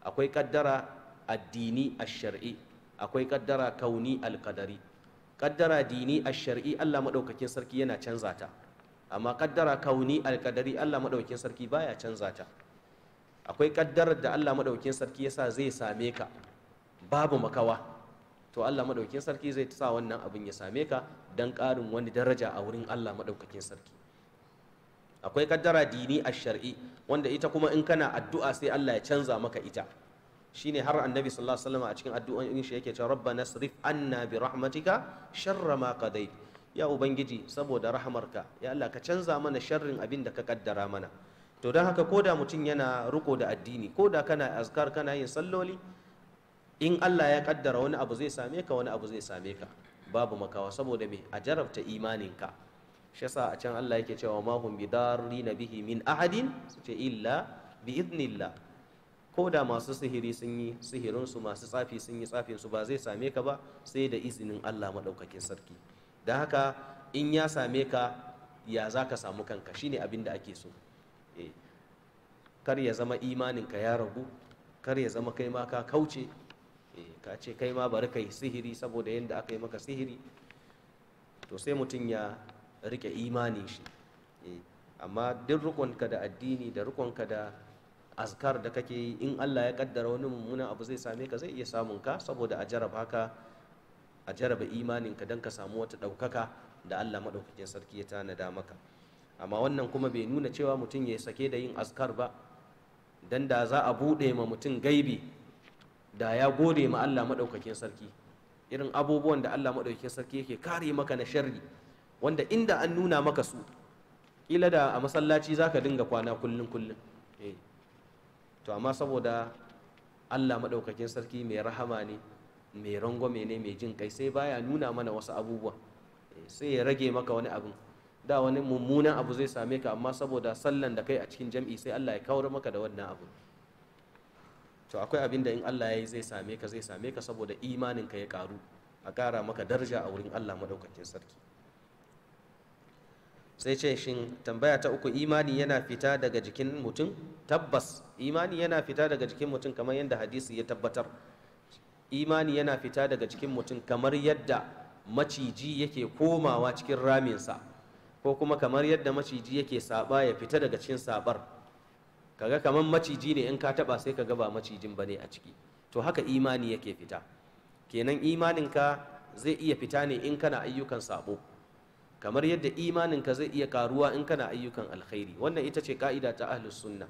akwai kaddara addini ash-shar'i akwai kaddara kauni al-qadari kaddara dini a shar'i Allah maɗaukakin sarki yana canza ta amma kaddara kauni alƙadari Allah maɗaukakin sarki baya canza ta akwai kaddarar da Allah maɗaukakin sarki yasa zai same ka babu makawa to Allah maɗaukakin sarki zai sa wannan abin ya same ka dan ƙarin wani daraja a wurin Allah maɗaukakin sarki akwai kaddara dini a shar'i wanda ita kuma in kana addu'a sai Allah ya canza maka ita shine har annabi sallallahu alaihi wasallam a cikin addu'o'in shi yake cewa rabbana nasrif anna bi rahmatika sharra ma ya ubangiji saboda rahamarka ya Allah ka canza mana sharrin abin da ka kaddara mana to don haka koda mutum yana riko da addini koda kana azkar kana yin salloli in Allah ya kaddara wani abu zai same ka wani abu zai same ka babu makawa saboda me a jarabta imaninka shi yasa a can Allah yake cewa ma hum na bihi min ahadin su ce illa bi idnillah ko da masu sihiri sun yi sihirinsu masu tsafi sun yi tsafinsu ba zai same ka ba sai da izinin Allah maɗaukakin sarki da haka in ya same ka ya za ka samu kanka shine abin da ake so eh, kar ya zama imaninka ya ragu kar ya zama kai ma ka kauce eh, ka ce kai ma bari kai sihiri saboda yadda aka yi maka sihiri to sai mutum ya rike imanin shi eh, amma duk rukunka da addini da rukunka da azkar da kake yi in Allah ya kaddara wani mummuna abu zai same ka zai iya samun ka saboda a jaraba ka a jaraba imanin ka don ka samu wata ɗaukaka da Allah maɗaukakin sarki ya tanada maka amma wannan kuma bai nuna cewa mutum ya sake da yin azkar ba dan da za a buɗe ma mutum gaibi da ya gode ma Allah maɗaukakin sarki irin abubuwan da Allah maɗaukakin sarki yake kare maka na sharri wanda inda an nuna maka su kila da a masallaci za ka dinga kwana kullum kullum eh, to amma saboda allah maɗaukakin sarki mai rahama ne mai rangwame ne mai jin kai sai baya nuna mana wasu abubuwa eh, sai ya rage maka wani abin da wani mummunan abu zai same ka amma saboda sallan da kai a cikin jam'i sai allah ya kawar maka da wannan abu to akwai abin da in allah ya yi zai same ka zai same ka saboda imanin ka ya karu a kara maka daraja a wurin allah maɗaukakin sarki sai ce shi tambaya ta uku imani yana fita daga jikin mutum tabbas imani yana fita daga jikin mutum kamar yadda hadisi ya tabbatar imani yana fita daga jikin mutum kamar yadda maciji yake komawa cikin raminsa ko kuma kamar yadda maciji yake saba ya fita daga cikin sabar kaga kamar maciji ne in ka taba sai kaga ba macijin ba ne a ciki to haka imani yake fita kenan imaninka zai iya fita ne in kana ayyukan sabo kamar yadda imaninka zai iya karuwa in kana ayyukan alkhairi wannan ita ce ka'ida ta ahlus sunna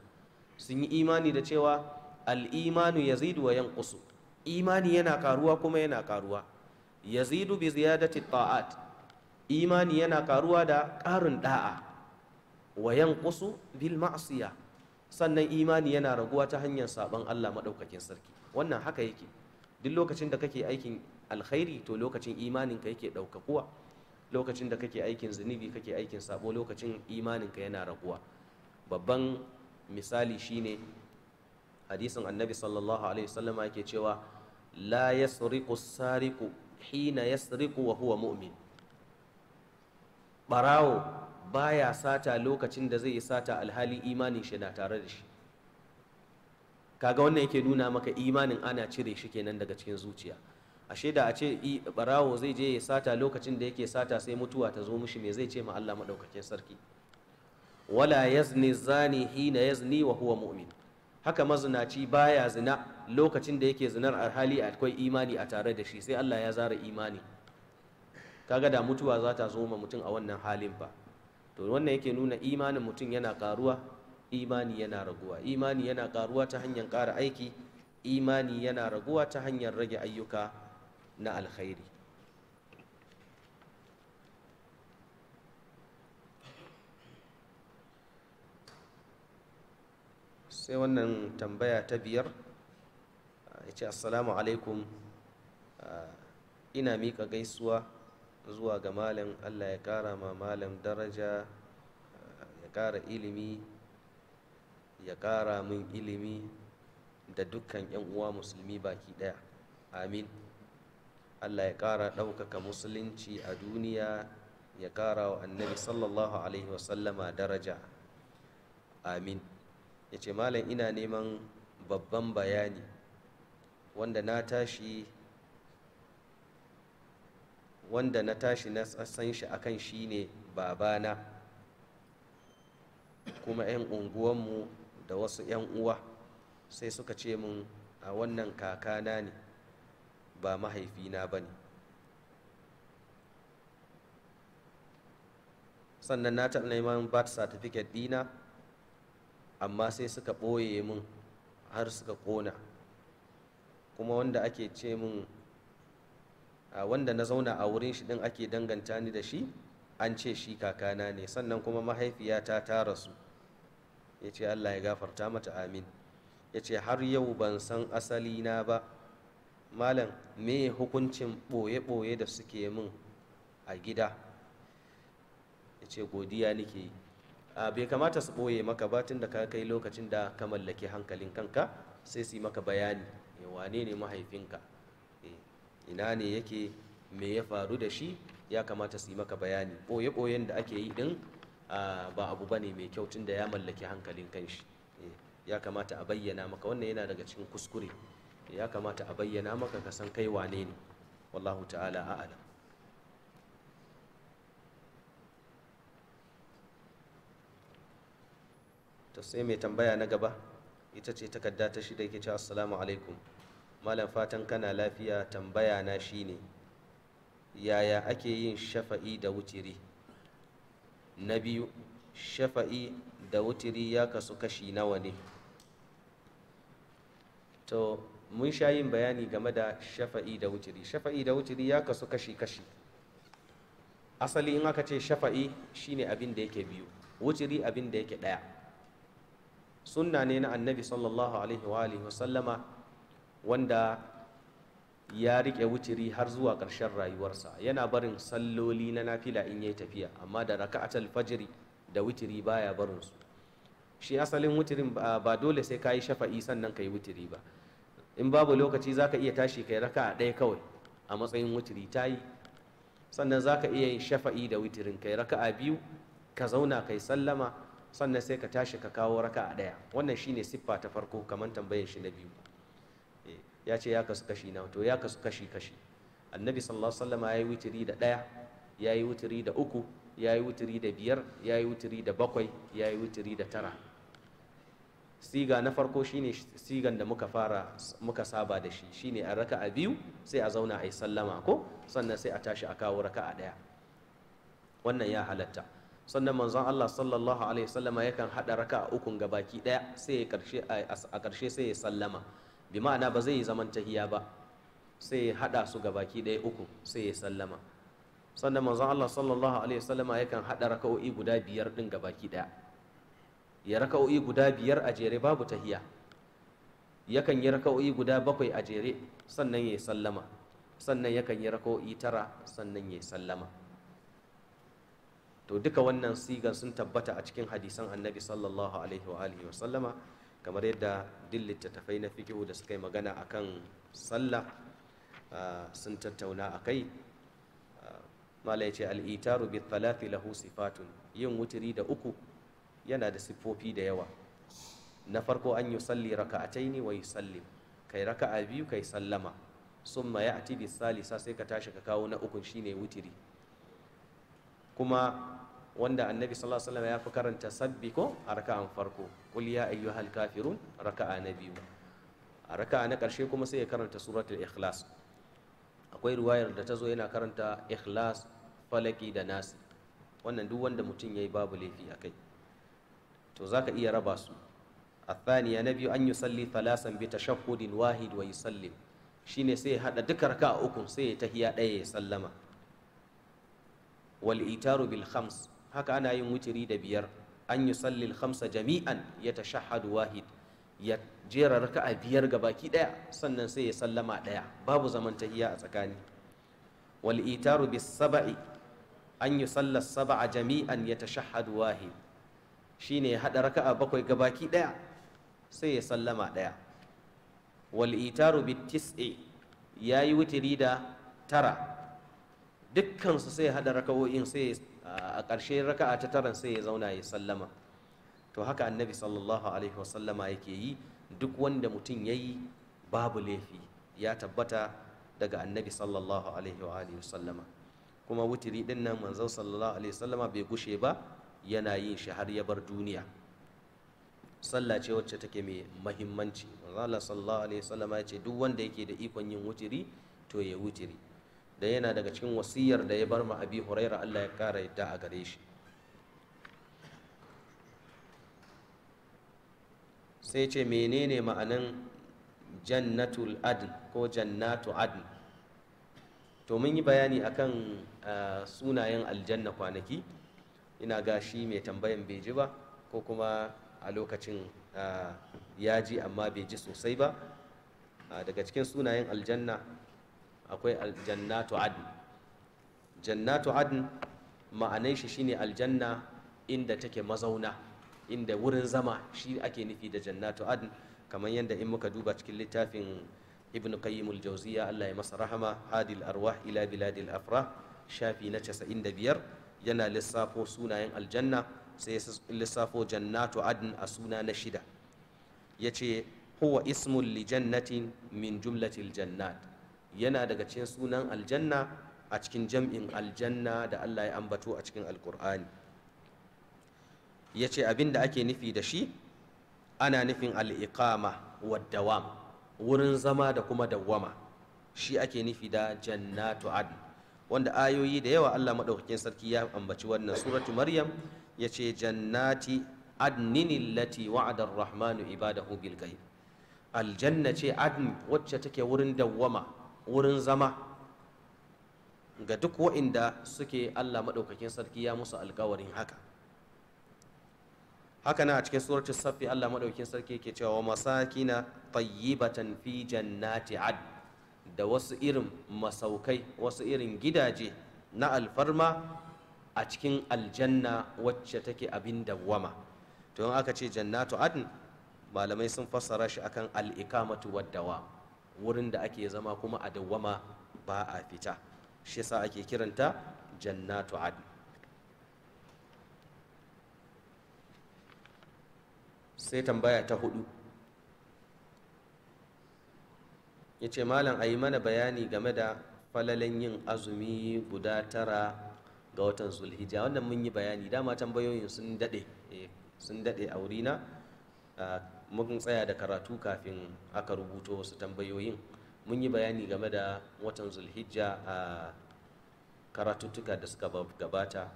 sun yi imani da cewa al-imanu yazidu wa yanqusu imani yana karuwa kuma yana karuwa yazidu bi ziyadati ta'at imani yana karuwa da ƙarin da'a wa yanqusu bil ma'siyah sannan imani yana raguwa ta hanyar saban Allah madaukakin sarki wannan haka yake duk lokacin da kake aikin alkhairi to lokacin imaninka yake ɗaukakuwa kuwa lokacin da kake aikin zunubi kake aikin sabo lokacin imaninka yana raguwa babban misali shine hadisin annabi sallallahu alaihi wasallama yake cewa la yasriqu sariqu hina yasriqu wa huwa mu'min barawo baya sata lokacin da zai yi sata alhali imanin shi na tare da shi kaga wannan yake nuna maka imanin ana cire shi kenan daga cikin zuciya ashe da a ce barawo zai je ya sata lokacin da yake sata sai mutuwa ta zo mishi me zai ce ma Allah madaukakin sarki wala yazni zani hina yazni wa huwa mu'min haka mazinaci baya zina lokacin da yake zinar alhali akwai imani a tare da shi sai Allah ya zara imani kaga da mutuwa za ta zo ma mutum a wannan halin fa to wannan yake nuna imanin mutum yana karuwa imani yana raguwa imani yana karuwa ta hanyar ƙara aiki imani yana raguwa ta hanyar rage ayyuka na alkhairi sai wannan tambaya ta biyar ya ce assalamu alaikum ah, ina miƙa gaisuwa zuwa ga malam allah ya ƙara ma malam daraja ah, ya ƙara ilimi ya ƙara min ilimi da dukkan 'yan uwa musulmi baki ɗaya amin Allah ya ƙara ɗaukaka musulunci a duniya ya ƙara wa annabi sallallahu alaihi wasallama daraja amin ya ce malam ina neman babban bayani wanda na tashi wanda na tashi na san shi akan shi ne babana kuma 'yan unguwanmu da wasu 'yan uwa sai suka ce mun a wannan kakana ne ba mahaifina ba ne sannan na taɓa neman bat certificate dina amma sai suka ɓoye min har suka ƙona kuma wanda ake ce min wanda na zauna a wurin shi ɗin ake danganta ni da shi an ce shi kakana ne sannan kuma mahaifiyata ta rasu ya ce allah ya gafarta mata amin ya ce har yau ban san asali na ba malam me hukuncin ɓoye-ɓoye da suke min a gida ya ce godiya nake yi bai kamata su ɓoye maka ba tun da ka kai lokacin da ka mallaki hankalin kanka sai su yi maka bayani eh, wane ne mahaifinka eh, ina ne yake me ya faru da shi ya kamata su yi maka bayani ɓoye-ɓoyen da ake yi ɗin ba abu ba ne mai kyau tun da ya mallaki hankalin kanshi eh, ya kamata a bayyana maka wannan yana daga cikin kuskure ya kamata a bayyana maka ka san kai wane ne wallahu ta'ala a'ala to sai mai tambaya na gaba ita ce takarda ta shida yake ce assalamu alaikum malam fatan kana lafiya tambaya na shine yaya ake yin shafa'i da wutiri na biyu shafa'i da wutiri ya kasu kashi nawa ne to mun sha yin bayani game da shafa'i da wuturi shafa'i da wuturi ya kasu kashi-kashi asali in aka ce shafa'i shine abin da yake biyu wuturi abin da yake ɗaya sunna ne na annabi sallallahu alaihi wa alihi wanda ya rike wuturi har zuwa karshen rayuwarsa yana barin salloli na nafila in yayi tafiya amma da raka'atul fajri da wutiri baya barin su shi asalin wutirin ba dole sai kayi shafa'i sannan kai wuturi ba in babu lokaci za ka iya tashi kai raka a ɗaya kawai a matsayin wuturi ta yi sannan za ka iya yin shafa'i da wutirin kai raka a biyu ka zauna kai sallama sannan sai ka tashi ka kawo raka a ɗaya wannan shine siffa ta farko kamar tambayar shi na biyu eh, ya ce ya kasu kashi na to ya kasu kashi kashi annabi sallallahu alaihi ya yi wutiri da ɗaya ya yi wutiri da uku ya yi wutiri da biyar ya yi wutiri da bakwai ya yi wutiri da tara siga na farko shine sigan da muka fara muka saba da shi shine a raka a biyu sai a zauna a yi sallama ko sannan sai a tashi a kawo raka a ɗaya wannan ya halatta sannan manzon Allah sallallahu alaihi wasallama yakan hada a ukun gabaki ɗaya sai a karshe sai ya sallama bi ma'ana ba zai yi zaman tahiya ba sai ya hada su gabaki ɗaya uku sai ya sallama sannan manzon Allah sallallahu alaihi wasallama yakan hada raka'o'i guda biyar din gabaki ɗaya ya raka'o'i guda biyar a jere babu tahiya yakan yi raka'o'i guda bakwai a jere sannan ya sallama sannan yakan yi raka'o'i tara sannan ya sallama to duka wannan sigan sun tabbata a cikin hadisan annabi sallallahu alaihi wa alihi wa sallama kamar yadda duk littattafai na fiqhu da suka yi magana akan sallah ah, sun tattauna a ah, mala yace al-itaru bi thalathi lahu sifatun yin wutiri da uku yana da siffofi da yawa na farko an yi salli taini wa yusallim kai raka a biyu kai sallama summa a bi salisa sai ka tashi ka kawo na ukun shine wutiri kuma wanda annabi sallallahu alaihi ya fi karanta sabbi ko a raka'an farko qul ya hal kafirun raka'a na biyu a raka'a na karshe kuma sai ya karanta suratul ikhlas akwai ruwayar da ta zo yana karanta ikhlas falaki da nasi wannan duk wanda mutum ya yi babu laifi a kai. to zaka iya raba su a athaniya na biyu an salli talasan bi tashahhudin wahid wa shi shine sai ya hada duka a uku sai ya tahiya daya ya sallama wal itaru bil khams haka ana yin wutiri da biyar an yi al khamsa jami'an ya shahadu wahid ya jera a biyar baki daya sannan sai ya sallama daya babu zaman tahiya a tsakani wal itaru bis sab'i an sallar saba'a jami'an ya shahadu wahid shine ya haɗa raka'a bakwai gabaki ɗaya sai ya sallama ɗaya wal itaru bi tis'i ya yi wutiri da tara dukkansu sai ya haɗa raka'o'in sai a ƙarshe raka'a ta taran sai ya zauna ya sallama to haka annabi sallallahu alaihi wasallama yake yi duk wanda mutum ya yi babu laifi ya tabbata daga annabi sallallahu alaihi wa wasallama kuma wutiri ɗin nan manzon sallallahu alaihi wasallama bai gushe ba yana yin shi har ya bar duniya sallah ce wacce take mai mahimmanci Allah sallallahu alaihi wasallam ya ce duk wanda yake da ikon yin wutiri to ya wutiri da yana daga cikin wasiyar da ya bar ma Abi Huraira Allah ya kara yadda a gare shi sai ce menene ma'anan jannatul adn ko jannatu adn to mun yi bayani akan ah, sunayen aljanna kwanaki ina ga shi mai tambayan bai ji ba ko kuma a lokacin ya ji amma bai ji sosai ba daga cikin sunayen aljanna akwai aljannatu adn jannatu adn ma'anai shi shine aljanna inda take mazauna inda wurin zama shi ake nufi da jannatu adn kamar yadda in muka duba cikin littafin ibn qayyim al-jawziya Allah ya masa rahama hadil arwah ila biladil afrah shafi na 95 yana lissafo sunayen aljanna sai ya lissafo jannatu adn a suna na shida ya ce huwa ismun li jannatin min jumlatil jannat yana daga cikin sunan aljanna a cikin jam'in aljanna da Allah ya ambato a cikin alkur'ani ya ce abin da ake nufi da shi ana nufin al'iƙama wa dawam wurin zama da kuma dawwama shi ake nufi da jannatu adn wanda ayoyi da yawa Allah maɗaukakin sarki ya ambaci wannan suratu maryam yace jannati adnin lati wa'ada ar-rahmanu ibadahu bil ghaib aljanna ce adn wacce take wurin dawwama wurin zama ga duk wa'inda suke Allah maɗaukakin sarki ya musu alƙawarin haka haka na a cikin suratul saffi Allah maɗaukakin sarki yake cewa masakina tayyibatan fi jannati adn da wasu irin masaukai wasu irin gidaje na alfarma a cikin aljanna wacce take abin dawwama to in aka ce jannatu adn malamai sun fassara shi akan al'ikamatu waddawa wurin da ake zama kuma a dawwama ba a fita shi yasa ake kiranta jannatu adn sai tambaya ta hudu ya ce malam a yi mana bayani game da falalin yin azumi guda tara ga watan zulhijja wannan mun yi bayani dama tambayoyin sun daɗe eh, sun daɗe a wurina mun tsaya da karatu kafin aka rubuto wasu tambayoyin mun yi bayani game da watan zulhijja a karatuttuka da suka gabata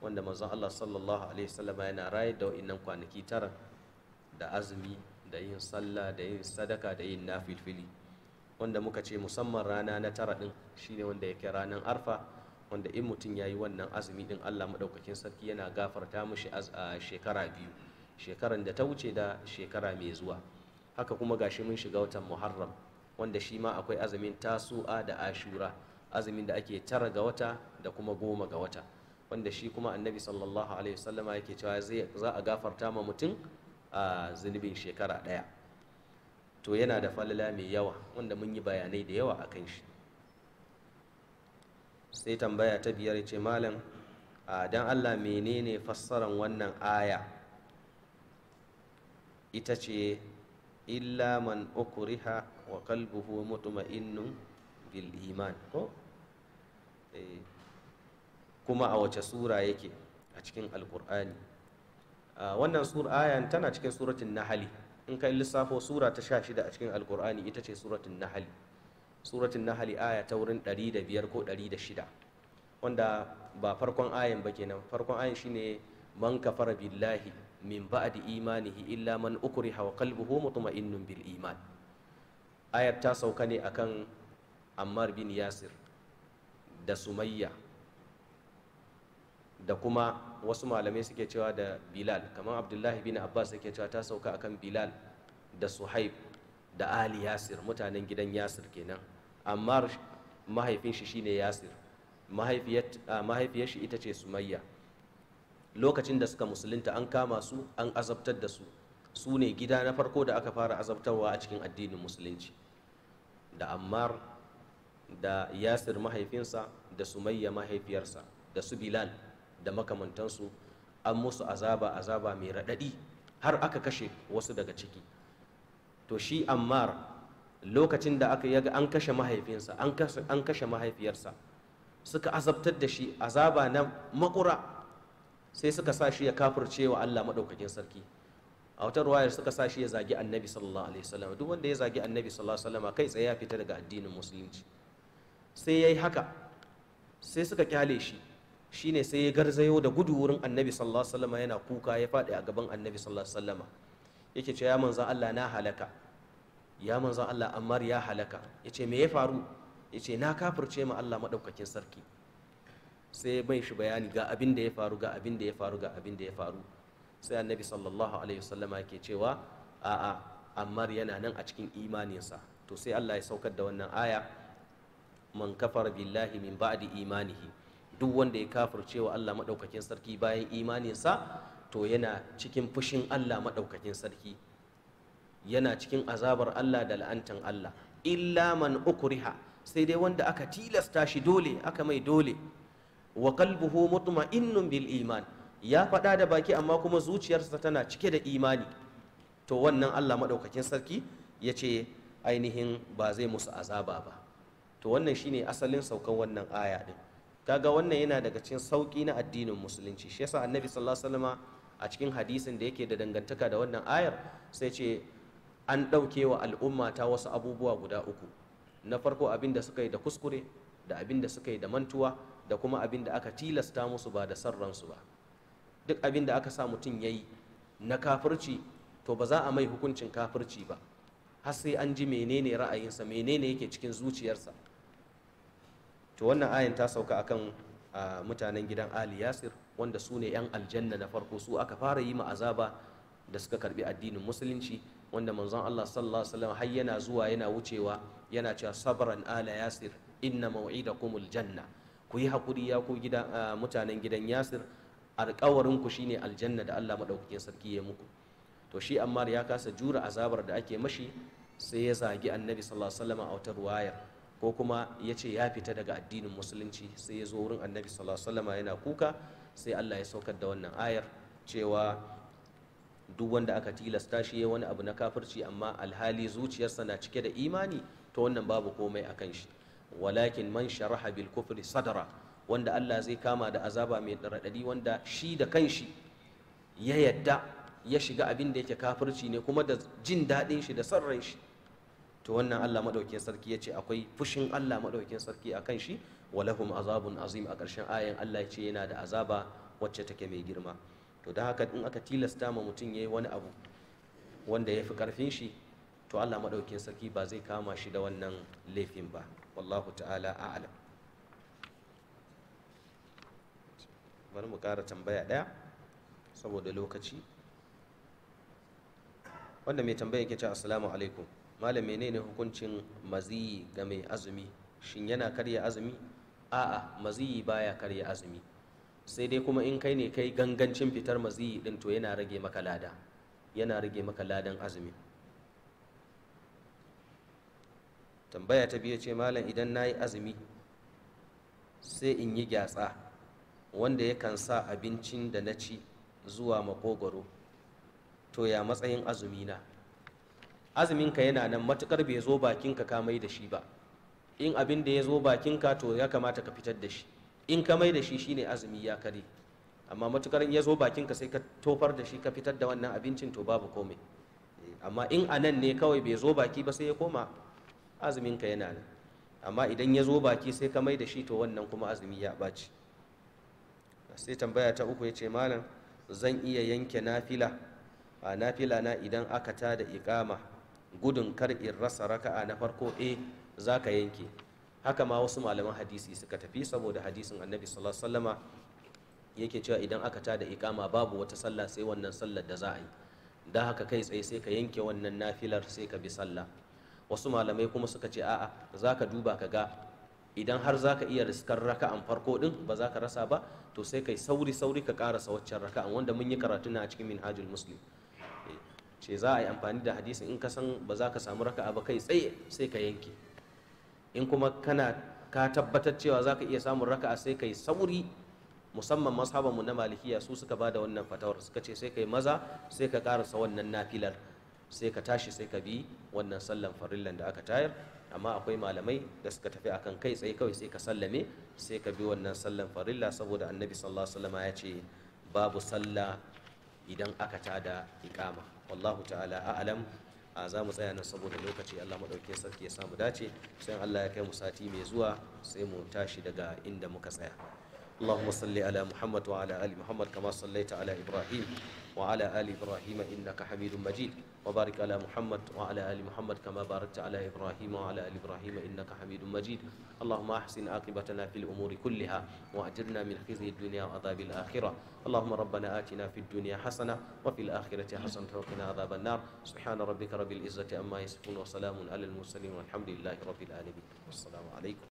wanda manzon Allah sallallahu alaihi wasallam yana raye da wa'innan kwanaki tara da azumi da yin sallah da yin sadaka da yin nafilfili wanda muka ce musamman rana na tara din shine wanda yake ranar arfa wanda in mutum ya yi wannan azumi din allah maɗaukakin sarki yana gafarta mushi a shekara biyu shekaran da ta wuce da shekara mai zuwa haka kuma gashi mun shiga watan muharram wanda shi ma akwai azumin tasu'a da ashura azumin da ake tara ga wata da kuma goma ga wata wanda shi kuma annabi sallallahu alaihi wasallama yake cewa za a gafarta ma mutum a zunubin shekara ɗaya to yana da falala mai yawa wanda mun yi bayanai da yawa a kan shi sai tambaya ta biyar ce malam don allah menene fassaran wannan aya ita ce illa man ukuriha wa kalbuhu mutuma'innun bil iman ko eh, kuma a wace sura yake a cikin alkur'ani wannan sura ayan tana cikin suratun na hali in ka lissafo sura ta sha shida a cikin alkur'ani ita ce suratun nahali suratun nahali aya ta wurin ɗari da biyar ko ɗari da shida wanda ba farkon ayan ba kenan farkon ayan shine man kafara billahi min ba'di imanihi illa man ukriha wa qalbuhu mutma'innun bil iman ayar ta sauka ne akan ammar bin yasir da sumayya da kuma wasu malamai suke cewa da bilal kamar abdullahi bin abbas suke cewa ta sauka kan bilal da suhaib da ali yasir mutanen gidan yasir kenan amma mahaifin shi shine yasir mahaifiyar shi ita ce sumayya lokacin da suka musulunta an kama su an azabtar da su su ne gida na farko da aka fara azabtarwa a cikin addinin musulunci da ammar da yasir mahaifinsa da sumayya mahaifiyarsa da su bilal da makamantansu an musu azaba azaba mai raɗaɗi har aka kashe wasu daga ciki to shi ammar lokacin da aka yaga an kashe mahaifinsa an kashe mahaifiyarsa suka azabtar da shi azaba na makura sai suka sa shi ya kafirce wa Allah maɗaukakin sarki a wata ruwayar suka sa shi ya zagi annabi sallallahu alaihi wasallam duk wanda ya zagi annabi sallallahu alaihi wasallam kai tsaye ya fita daga addinin musulunci sai yayi haka sai suka kyale shi shine sai ya garzayo da gudu wurin annabi sallallahu alaihi wasallam yana kuka ya faɗi a gaban annabi sallallahu alaihi wasallam yake ce ya manzan Allah na halaka ya manzan Allah Ammar ya halaka yace me ya faru yace na kafirce ma Allah madaukakin sarki sai bai shi bayani ga abin da ya faru ga abin da ya faru ga abin da ya faru sai annabi sallallahu alaihi wasallam yake cewa a'a Ammar yana nan a cikin imaninsa to sai Allah ya saukar da wannan aya man kafara billahi min ba'di imanihi duk wanda ya kafirce wa Allah maɗaukakin sarki bayan imaninsa to yana cikin fushin Allah maɗaukakin sarki yana cikin azabar Allah da la'antan Allah illa man ukuriha sai dai wanda aka tilasta shi dole aka mai dole wa qalbuhu mutma'innun bil iman ya faɗa da baki amma kuma zuciyarsa tana cike da imani to wannan Allah maɗaukakin sarki ya ce ainihin ba zai musu azaba ba to wannan shine asalin saukan wannan aya din kaga wannan yana daga cikin sauki na addinin musulunci shi yasa annabi sallallahu alaihi wasallam a cikin hadisin da yake da dangantaka da wannan ayar sai ce an ɗauke wa al'umma ta wasu abubuwa guda uku na farko abin da suka yi da kuskure da abin da suka yi da mantuwa da kuma abin da aka tilasta musu ba da san ransu ba duk abin da aka sa mutum ya yi na kafirci to ba za a mai hukuncin kafirci ba har sai an ji menene ra'ayinsa menene yake cikin zuciyarsa to wannan ayan ta sauka akan mutanen gidan ali yasir wanda su ne 'yan aljanna na farko su aka fara yi ma azaba da suka karbi addinin musulunci wanda manzon Allah sallallahu alaihi wasallam har yana zuwa yana wucewa yana cewa sabran ala yasir inna maw'idakumul janna ku yi hakuri ya ku gida mutanen gidan yasir alƙawarin ku shine aljanna da Allah madaukakin sarki ya muku to shi Ammar ya kasa jura azabar da ake mashi sai ya zagi Annabi sallallahu alaihi wasallam a wata ruwayar ko kuma ya ce ya fita daga addinin musulunci sai ya zo wurin annabi sallallahu yana kuka sai Allah ya saukar da wannan ayar cewa duk wanda aka tilasta shi ya wani abu na kafirci amma alhali zuciyarsa na cike da imani to wannan babu komai akan shi walakin man sharaha bil kufri sadara wanda Allah zai kama da azaba mai raɗaɗi wanda shi da kanshi ya yadda ya shiga abin da yake kafirci ne kuma da jin daɗin shi da son shi to wannan Allah madaukin sarki ya ce akwai fushin Allah madaukin sarki akan shi walahum azabun azim a karshen ayan Allah ce yana da azaba wacce take mai girma to da haka in aka tilasta ma mutum yayi wani abu wanda ya fi ƙarfin shi to Allah madaukin sarki ba zai kama shi da wannan laifin ba wallahu ta'ala a'lam bari mu ƙara tambaya ɗaya saboda lokaci wanda mai tambaya yake ce assalamu alaikum malam menene hukuncin maziyi ga mai azumi shin yana karya azumi a'a maziyi baya karya azumi sai dai kuma in kai ne kai gangancin fitar maziyi din to yana rage maka lada yana rage maka ladan azumi tambaya ta biyu ce malam idan na yi azumi sai in yi gyatsa wanda yakan sa abincin da na ci zuwa makogoro to ya matsayin azumi na azuminka yana nan matukar bai zo bakinka ka mai da shi ba in abin da ya zo bakinka to ya kamata ka fitar da shi in ka mai da shi shine azumi ya kare amma matukar in ya zo bakinka sai ka tofar da shi ka fitar da wannan abincin to babu komai eh, amma in a nan ne kawai bai zo baki ba sai ya koma azuminka yana nan amma idan ya zo baki sai ka mai da shi to wannan kuma azumi ya ɓaci sai tambaya ta uku ya ce malam zan iya yanke nafila a nafila na idan aka tada ikama gudun kar in rasa raka'a na farko a eh, za ka yanke haka ma wasu malaman hadisi suka tafi saboda hadisin annabi sallallahu alaihi wasallama yake cewa idan aka ta da ikama babu wata sallah sai wannan sallar da za a yi da haka kai tsaye sai ka yanke wannan nafilar sai ka bi sallah wasu malamai kuma suka ce a'a za ka duba ka ga idan har za ka iya riskar raka'an farko din ba za ka rasa ba to sai kai sauri sauri ka karasa waccan raka'an wanda mun yi karatu na cikin minhajul muslim ce za a yi amfani da hadisi in ka san ba za ka samu raka'a ba kai tsaye sai ka yanke in kuma kana ka tabbatar cewa za ka iya samun raka'a sai ka yi sauri musamman mu na malikiya su suka ba da wannan fatawar suka ce sai ka yi maza sai ka karasa wannan nafilar sai ka tashi sai ka bi wannan sallan farillan da aka tayar amma akwai malamai da suka tafi akan kai tsaye kawai sai ka sallame sai ka bi wannan sallan farilla saboda annabi sallallahu alaihi ya ce babu sallah idan aka tada iqama wallahu ta'ala a'lam a za mu tsaya nan saboda lokaci Allah madaukakin sarki ya samu dace sai Allah ya kai mu sati mai zuwa sai mu tashi daga inda muka tsaya اللهم صل على محمد وعلى ال محمد كما صليت على ابراهيم وعلى ال ابراهيم انك حميد مجيد وبارك على محمد وعلى آل محمد كما باركت على إبراهيم وعلى آل إبراهيم إنك حميد مجيد اللهم أحسن عاقبتنا في الأمور كلها وأجرنا من خزي الدنيا وعذاب الآخرة اللهم ربنا آتنا في الدنيا حسنة وفي الآخرة حسنة وقنا عذاب النار سبحان ربك رب العزة أما يصفون وسلام على المرسلين والحمد لله رب العالمين والسلام عليكم